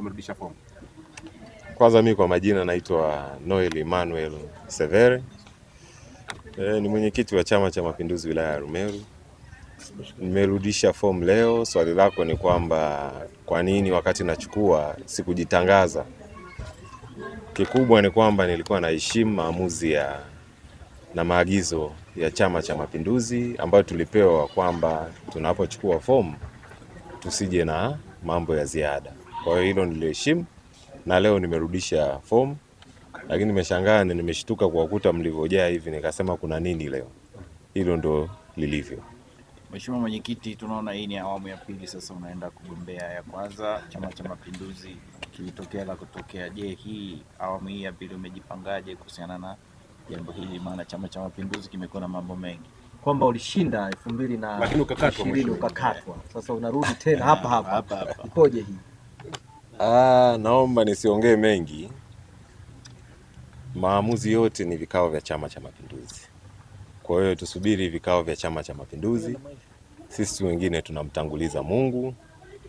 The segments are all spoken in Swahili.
Umerudisha fomu. Kwanza mimi kwa majina naitwa Noel Emmanuel Severe. E, ni mwenyekiti wa Chama cha Mapinduzi wilaya ya Rumeru. Nimerudisha fomu leo. Swali lako ni kwamba kwa nini wakati nachukua sikujitangaza? Kikubwa ni kwamba nilikuwa naheshimu maamuzi ya na maagizo ya Chama cha Mapinduzi ambayo tulipewa kwamba tunapochukua fomu tusije na mambo ya ziada. Kwa hiyo hilo niliheshimu na leo nimerudisha fomu, lakini nimeshangaa na nimeshtuka kwa kuta mlivyojaa hivi, nikasema kuna nini leo. Hilo ndo lilivyo. Mheshimiwa Mwenyekiti, tunaona hii ni awamu ya pili sasa unaenda kugombea. Ya kwanza Chama cha Mapinduzi kilitokea la kutokea. Je, hii awamu hii ya pili umejipangaje kuhusiana na jambo hili? Maana Chama cha Mapinduzi kimekuwa na mambo mengi, kwamba ulishinda elfu mbili na ishirini ukakatwa, sasa unarudi tena hapa hapa, ipoje hii? Ah, naomba nisiongee mengi. Maamuzi yote ni vikao vya Chama cha Mapinduzi. Kwa hiyo tusubiri vikao vya Chama cha Mapinduzi. Sisi wengine tunamtanguliza Mungu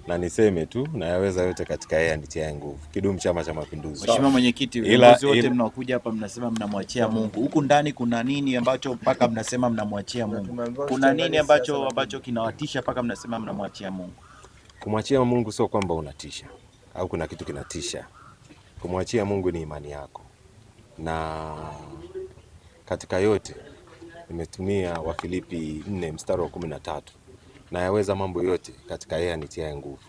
na niseme tu nayaweza yote katika yeye anitiaye nguvu. Kidumu Chama cha Mapinduzi. Mheshimiwa Mwenyekiti, viongozi wote mnaokuja hapa mnasema mnamwachia Mungu. Huku ndani kuna nini ambacho mpaka mnasema mnamwachia Mungu? Kuna nini ambacho ambacho kinawatisha mpaka mnasema mnamwachia Mungu? Kumwachia Mungu sio kwamba unatisha au kuna kitu kinatisha. Kumwachia Mungu ni imani yako, na katika yote nimetumia Wafilipi 4 mstari wa kumi na tatu, na yaweza mambo yote katika yeye anitiaye nguvu.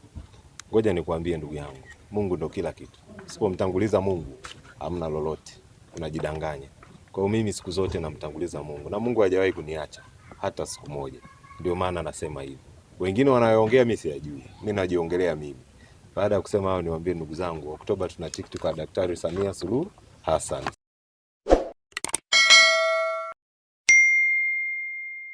Ngoja nikuambie ndugu yangu, Mungu ndo kila kitu. Usipomtanguliza Mungu hamna lolote, unajidanganya. Kwa hiyo mimi siku zote namtanguliza Mungu na Mungu hajawahi kuniacha hata siku moja. Ndio maana nasema hivi, wengine wanayoongea mimi siyajui, mimi najiongelea mimi. Baada ya kusema hayo, niwaambie ndugu zangu, Oktoba tuna tikiti kwa Daktari Samia Suluhu Hassan.